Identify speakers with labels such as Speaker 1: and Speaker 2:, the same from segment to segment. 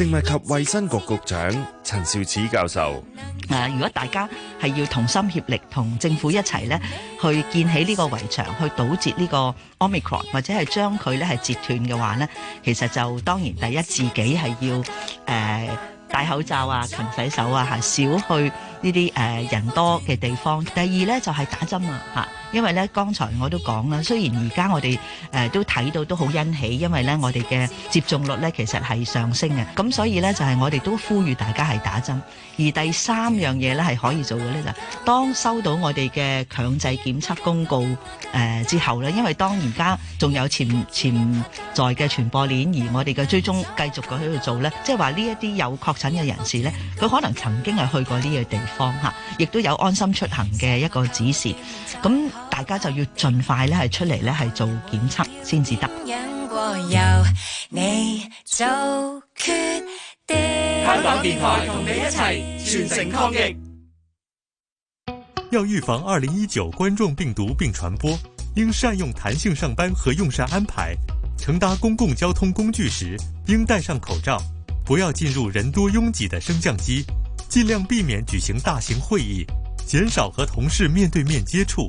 Speaker 1: 食物及衞生局局長陳肇始教授，嗱，如果大家
Speaker 2: 係要同心協力，同政府一齊咧，去建起呢個圍牆，去堵截呢個 Omicron，或者係將佢咧係截斷嘅話咧，其實就當然第一自己係要誒戴口罩啊、勤洗手啊、吓少去呢啲誒人多嘅地方。第二咧就係打針啊吓。因為咧，剛才我都講啦，雖然而家我哋誒都睇到都好欣喜，因為咧我哋嘅接種率咧其實係上升嘅，咁所以咧就係我哋都呼籲大家係打針。而第三樣嘢咧係可以做嘅咧就，當收到我哋嘅強制檢測公告誒之後咧，因為當而家仲有潛潛在嘅傳播鏈，而我哋嘅追蹤繼續嘅喺度做咧，即係話呢一啲有確診嘅人士咧，佢可能曾經係去過呢個地方吓，亦都有安心出行嘅一個指示，咁。大家就要盡快咧，係出嚟咧，係做檢測先至得。
Speaker 3: 香港電台同你一齊全城抗疫。
Speaker 4: 要預防二零一九冠狀病毒病傳播，應善用彈性上班和用膳安排。乘搭公共交通工具時，應戴上口罩。不要進入人多擁擠的升降機。盡量避免舉行大型會議，減少和同事面對面接觸。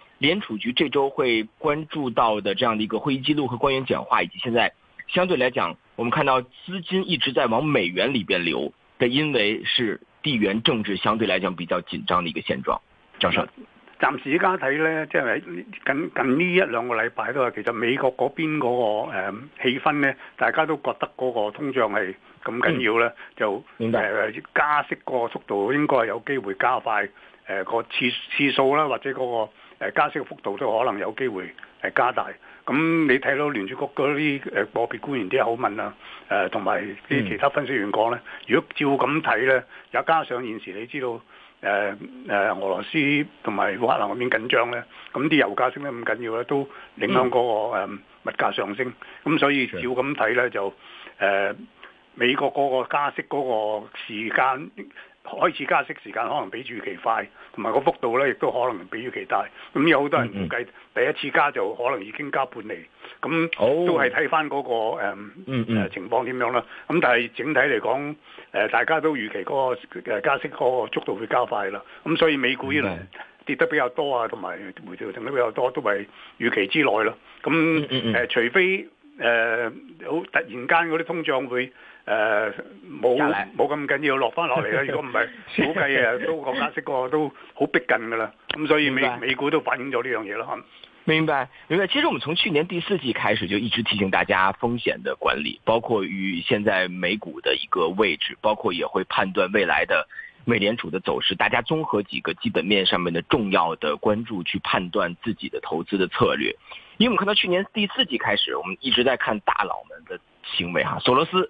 Speaker 1: 聯儲局這周會關注到的這樣的一個會議記錄和官員講話，以及現在相對來講，我們看到資金一直在往美元裏邊流，但因為是地緣政治相對來講比較緊張的一個現狀。張生，
Speaker 5: 暫時依家睇呢，即係近近呢一兩個禮拜都係，其實美國嗰邊嗰個誒氣氛呢，大家都覺得嗰個通脹係咁緊要呢、嗯、就明白、呃、加息個速度應該有機會加快個、呃、次次數啦，或者嗰、那個。誒加息嘅幅度都可能有機會誒加大，咁你睇到聯儲局嗰啲誒個別官員啲口吻啊，誒同埋啲其他分析員講咧，如果照咁睇咧，也加上現時你知道誒誒、啊啊、俄羅斯同埋烏克蘭嗰邊緊張咧，咁啲油價升得咁緊要咧，都影響嗰個物價上升，咁、嗯、所以照咁睇咧就誒、啊、美國嗰個加息嗰個時間開始加息時間可能比預期快。同埋個幅度咧，亦都可能比預期大。咁有好多人預計嗯嗯第一次加就可能已經加半厘，咁、哦、都係睇翻嗰個、呃、嗯嗯情況點樣啦。咁但係整體嚟講、呃，大家都預期嗰個加息嗰個速度會加快啦。咁所以美股呢輪跌得比較多啊，同埋、嗯、是回調得比較多，都係預期之內咯。咁、嗯嗯嗯呃、除非好、呃、突然間嗰啲通脹會。呃，冇冇咁緊要落翻落嚟啦！ 如果唔係，估計啊都國家息個都好逼近噶啦。咁所以美白美股都反映咗呢樣嘢囉。
Speaker 1: 明白明白。其實我們從去年第四季開始就一直提醒大家風險的管理，包括與現在美股的一個位置，包括也會判斷未來的美聯儲的走勢。大家綜合幾個基本面上面的重要的關注，去判斷自己的投資的策略。因為我們看到去年第四季開始，我們一直在看大佬們的行為，哈，索羅斯。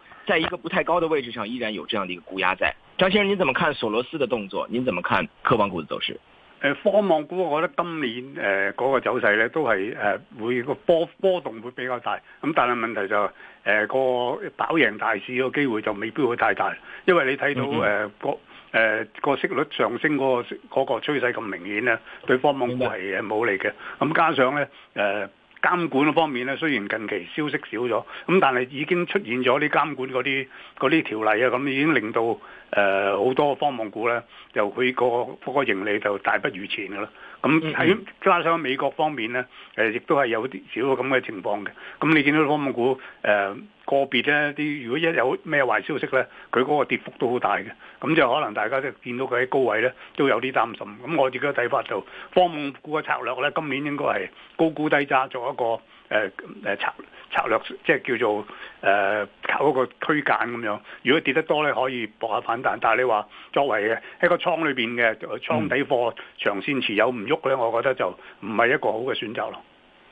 Speaker 1: 在一個不太高的位置上，依然有這樣的一個股壓在。張先生，您怎麼看索羅斯的動作？您怎麼看科網股的走勢？
Speaker 5: 誒，科網股我覺得今年誒、呃嗰個走勢咧，都係誒、呃、會個波波動會比較大。咁但係問題就誒個跑贏大市個機會就未必會太大，因為你睇到誒個誒個息率上升嗰、嗰個、嗰個趨勢咁明顯咧，對科網股係冇利嘅。咁明白。加上咧誒。呃監管方面咧，雖然近期消息少咗，咁但係已經出現咗啲監管嗰啲嗰啲條例啊，咁已經令到誒好、呃、多方望股咧，就佢個嗰個盈利就大不如前噶啦。咁喺加上美國方面呢，亦都係有啲少少咁嘅情況嘅。咁你見到科網股誒、呃、個別呢啲，如果一有咩壞消息呢，佢嗰個跌幅都好大嘅。咁就可能大家即係見到佢喺高位呢，都有啲擔心。咁我自己嘅睇法就，科網股嘅策略呢，今年應該係高沽低揸做一個。誒誒、呃呃、策策略即係叫做誒靠嗰個區間咁樣，如果跌得多咧，可以搏下反彈。但係你話作為嘅喺一個倉裏邊嘅倉底貨長線持有唔喐咧，我覺得就唔係一個好嘅選擇咯。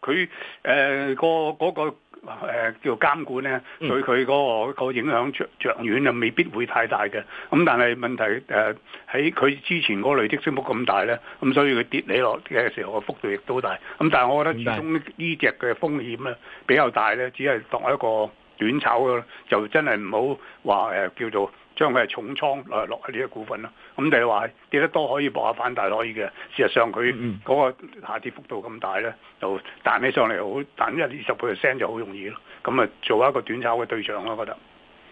Speaker 5: 佢誒、呃嗰個嗰、嗰個、呃、叫做監管咧，對佢嗰個、嗰個影響長長遠啊，未必會太大嘅。咁、嗯、但係問題誒喺佢之前嗰個累積升幅咁大咧，咁、嗯、所以佢跌你落嘅時候嘅幅度亦都大。咁、嗯、但係我覺得始終呢隻嘅風險咧比較大咧，只係當一個短炒嘅，就真係唔好話誒叫做。將佢係重倉落去呢個股份咯，咁你話跌得多可以搏下反彈可以嘅，事實上佢嗰個下跌幅度咁大咧，就彈起上嚟好彈一二十 percent 就好容易咯，咁、嗯、啊做一個短炒嘅對象咯，我覺得。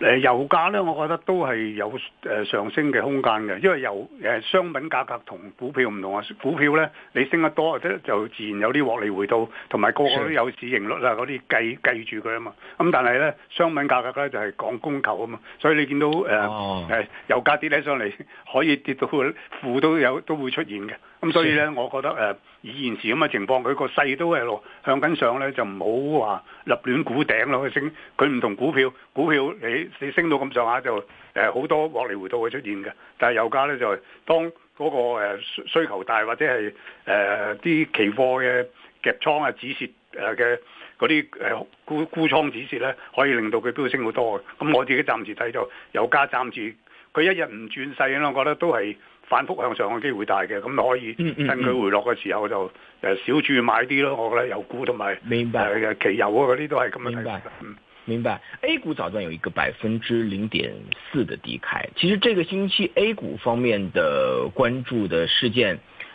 Speaker 5: 誒、呃，油價咧，我覺得都係有誒、呃、上升嘅空間嘅，因為油誒、呃、商品價格同股票唔同啊，股票咧，你升得多，或者就自然有啲獲利回吐，同埋個個都有市盈率啦，嗰啲計計住佢啊嘛。咁、嗯、但係咧，商品價格咧就係講供求啊嘛，所以你見到誒誒、呃 oh. 呃、油價跌起上嚟，可以跌到負都有都會出現嘅。咁所以咧，的我覺得誒、呃、以現時咁嘅情況，佢個勢都係向緊上咧，就唔好話立亂估頂咯。佢升，佢唔同股票，股票你你升到咁上下就誒好、呃、多獲利回吐會出現嘅。但係油價咧就當嗰、那個誒、呃、需求大或者係誒啲期貨嘅夾倉啊、止蝕誒嘅嗰啲誒沽沽倉止蝕咧，可以令到佢飆升好多嘅。咁我自己暫時睇就油價暫時佢一日唔轉勢咧，我覺得都係，反覆向上嘅機會大嘅，咁可以趁佢回落嘅時候就誒少注買啲咯。我覺得油股同埋誒期油嗰啲都係咁樣，明白。
Speaker 1: 明白，A 股早段有一個百分之零點四嘅低開，其實這個星期 A 股方面的關注的事件。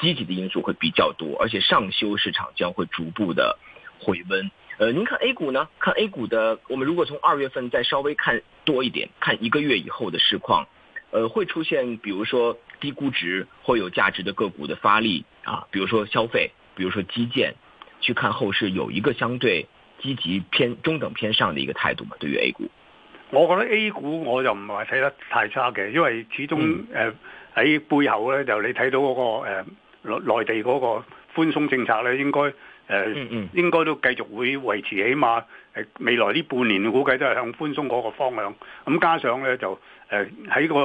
Speaker 1: 積極的因素會比較多，而且上修市場將會逐步的回溫。呃，您看 A 股呢？看 A 股的，我們如果從二月份再稍微看多一點，看一個月以後的市況，呃，會出現比如說低估值或有價值的個股的發力啊，比如說消費，比如說基建，去看後市有一個相對積極偏中等偏上的一個態度嘛？對於 A 股，
Speaker 5: 我覺得 A 股我就唔係話睇得太差嘅，因為始終誒喺、嗯呃、背後咧就你睇到嗰、那個誒。呃內地嗰個寬鬆政策咧，應該、呃、應該都繼續會維持，起碼未來呢半年估計都係向寬鬆嗰個方向。咁、嗯、加上呢，就喺、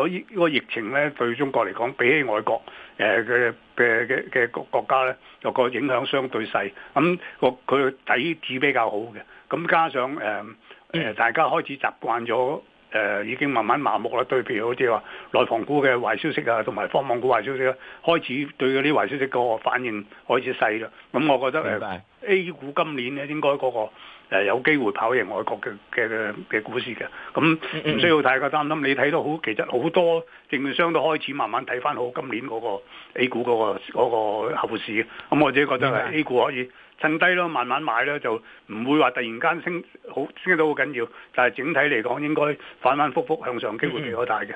Speaker 5: 呃、個疫情呢對中國嚟講，比起外國誒嘅嘅嘅嘅國國家咧，個影響相對細。咁個佢個底子比較好嘅。咁、嗯、加上、呃、大家開始習慣咗。誒、呃、已經慢慢麻木啦，對譬如好似話內房股嘅壞消息啊，同埋科網股壞消息呀、啊，開始對嗰啲壞消息個反應開始細啦。咁、嗯、我覺得白 A 股今年咧應該嗰、那個、呃、有機會跑贏外國嘅嘅嘅股市嘅。咁、嗯、唔、嗯、需要太過擔心。你睇到好，其實好多證券商都開始慢慢睇翻好今年嗰個 A 股嗰、那個嗰、那個、後市咁、嗯、我自己覺得 A 股可以。剩低咯，慢慢買咯，就唔會話突然間升好升到好緊要。但係整體嚟講，應該反反覆覆向上機會比較大嘅。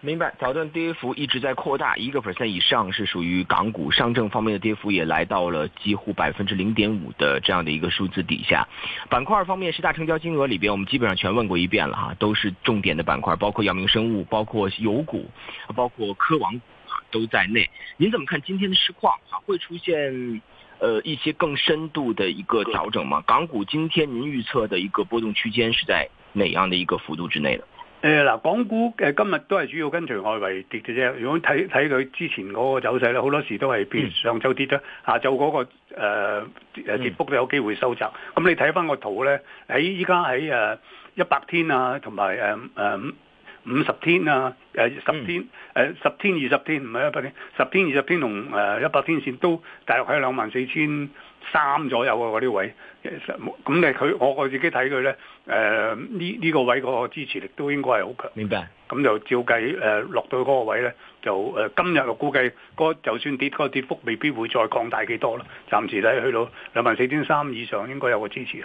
Speaker 1: 明白，早段跌幅一直在擴大，一個 percent 以上是屬於港股、上證方面的跌幅也來到了幾乎百分之零點五的這樣的一個數字底下。板塊方面，十大成交金額裏邊我們基本上全問過一遍了哈，都是重點的板塊，包括藥明生物、包括油股、包括科網都在內。您怎麼看今天的市況？哈、啊，會出現？呃，一些更深度的一個調整嘛，港股今天您預測的一個波動區間是在哪樣的一個幅度之內的？誒，
Speaker 5: 嗱，港股誒、呃、今日都係主要跟隨外圍跌嘅啫，如果睇睇佢之前嗰個走勢咧，好多時都係譬如上周跌啦，嗯、下晝、嗰個誒誒、呃、跌，跌幅都有機會收窄，咁、嗯、你睇翻個圖咧，喺依家喺誒一百天啊，同埋誒誒。呃呃五十天啊，呃、十天，十天二十天，唔係一百天，十天二十天同一百天線都大概喺兩萬四千三左右啊，嗰啲位，咁咧佢我我自己睇佢咧，呢、呃、呢、這個這個位嗰個支持力都應該係好強。明白。咁就照計、呃、落到嗰個位咧，就、呃、今日我估計嗰就算跌嗰、嗰個跌幅未必會再擴大幾多啦。暫時睇去到兩萬四千三以上應該有個
Speaker 1: 支持。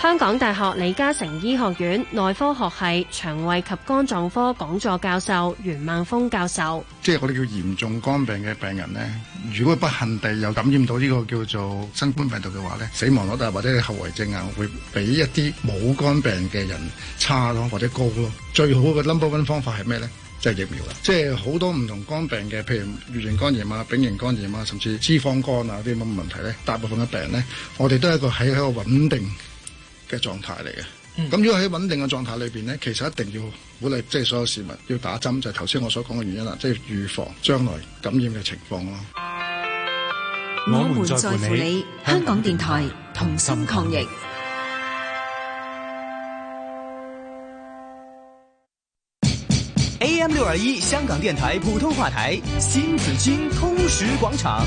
Speaker 6: 香港大學李嘉誠醫學院內科學系腸胃及肝臟科講座教授袁孟峰教授，
Speaker 5: 即係我哋叫嚴重肝病嘅病人咧，如果不幸地又感染到呢個叫做新冠病毒嘅話咧，死亡率啊或者後遺症啊，會比一啲冇肝病嘅人差咯、啊，或者高咯、啊。最好嘅 number one 方法係咩咧？即係疫苗啦。即係好多唔同肝病嘅，譬如乙型肝炎啊、丙型肝炎啊，甚至脂肪肝啊啲咁嘅問題咧，大部分嘅病人咧，我哋都係一個喺一個穩定。嘅狀態嚟嘅，咁、嗯、如果喺穩定嘅狀態裏面咧，其實一定要鼓勵即係所有市民要打針，就係頭先我所講嘅原因啦，即、就、係、是、預防將來感染嘅情況咯。嗯、我們在乎你，香港
Speaker 2: 電台同心抗
Speaker 7: 疫。AM 六二一，香港電台普通話台，新
Speaker 6: 紫荊通識廣場。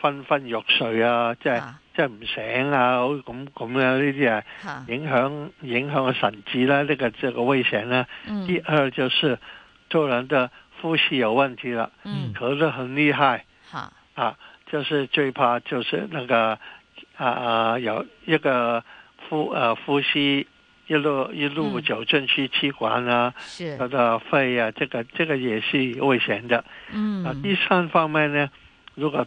Speaker 8: 昏昏欲睡啊，即係即係唔醒啊，咁咁樣呢啲啊，影響影響、啊這個神志啦，呢個即係個危險啦、啊。嗯、第二就是，突然的呼吸有問題啦，咳、嗯、得很厲害。啊、嗯、啊，就是最怕就是那個啊啊、呃，有一個呼啊、呃、呼吸一路一路走進去，氣管啦、啊，嗰個肺啊，這個這個也是危險的。嗯、啊，第三方面呢，如果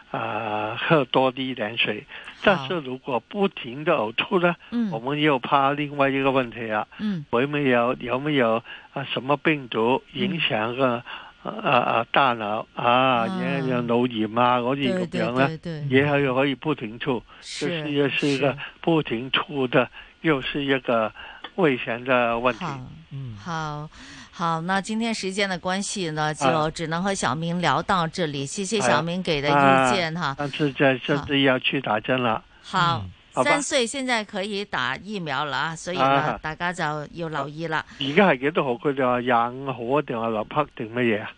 Speaker 8: 啊，喝多啲一點水，但是如果不停的嘔吐呢，我們又怕另外一個問題啦，有冇有有沒有啊？什麼病毒影響個啊啊大腦啊，引引腦炎啊嗰啲咁樣呢，也係又可以不停吐，就是又是一個不停吐的，又是一個危險的問題。嗯，
Speaker 9: 好。好，那今天時間的關係呢，就只能和小孟聊到這裏。啊、謝謝小孟給的意見哈。啊啊、但是，
Speaker 8: 這三歲要去打針了。好，三、嗯、歲
Speaker 9: 現在可以打疫苗了啊，所以呢，啊、大家就有留意了。
Speaker 8: 而家係幾多號？佢哋話廿五號定係六定乜嘢啊？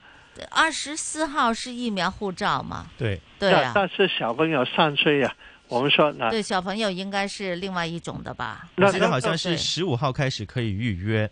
Speaker 8: 二
Speaker 9: 十四號是疫苗護照嘛？對對啊。
Speaker 8: 但是小朋友三歲啊，我們說對，
Speaker 9: 小朋友應該是另外一種的吧？那這個好像是
Speaker 8: 十五號開始可以預約。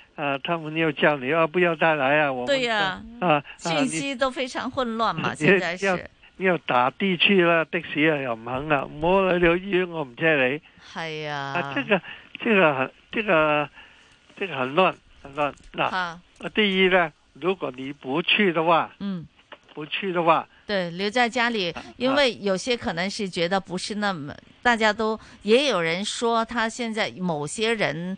Speaker 8: 啊，他們又叫你啊，不要再來啊！我們對呀，啊，信息、啊、
Speaker 9: 都非常混亂嘛，你現在是。
Speaker 8: 要，要打的去了， 的士又又唔肯了我嚟到醫院，我唔接你。係啊，啊，這個，這個，這個，這個很亂，很亂。啊，哈第一呢，如果你不去的話，嗯，不去的話，
Speaker 9: 對，留在家裏，啊、因為有些可能是覺得不是那麼大家都，也有人說他現在某些人。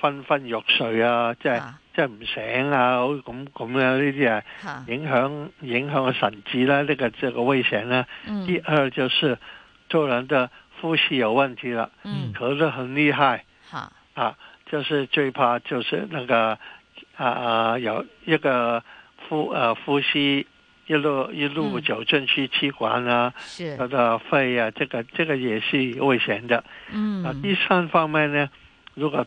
Speaker 8: 昏昏欲睡啊，即係即係唔醒啊，咁咁樣呢啲啊，影響影響、啊個神志啦，呢個即係個危險啦、啊。嗯、第二就是，做人的呼吸有問題啦，咳、嗯、得很厲害。嗯、啊就是最怕就是那個啊啊、呃，有一個呼啊、呃、呼吸一路一路走進去氣管啊，或者、嗯、肺啊，這個這個也是危險的。
Speaker 10: 嗯、啊，第
Speaker 8: 三方面呢，如果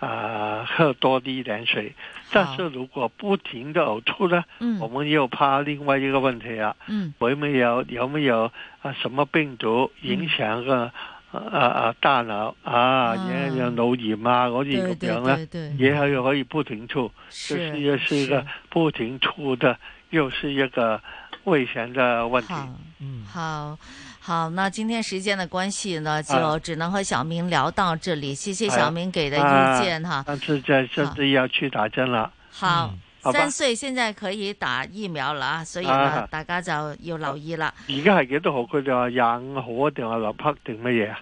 Speaker 8: 啊、呃，喝多啲點水，但是如果不停的嘔吐呢，嗯、我們又怕另外一個問題啊，嗯，會唔有有沒有啊什麼病毒影響個啊啊大腦啊，有有腦炎啊嗰啲咁樣咧，以後又可以不停吐，嗯、就是又是一個不停吐的，是是又是一個危險的問題。嗯，
Speaker 9: 好。好，那今天時間的關係呢，就只能和小明聊到這裏。謝謝小明給的意見哈。但
Speaker 8: 是，在三歲要去打針了。好，三歲
Speaker 9: 現在可以打疫苗了啊，所以呢，大家就要留意了。
Speaker 8: 而家係幾多號？佢就廿五號啊，定啊，六匹定乜嘢啊？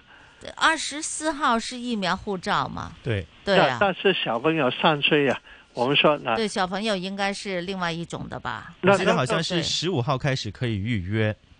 Speaker 9: 二十四號是疫苗護照嘛？
Speaker 8: 對對啊。但是小朋友三歲啊，我們說呢對
Speaker 9: 小朋友應該是另外一種的吧？那，我記得好像是
Speaker 11: 十五號開始可以預約。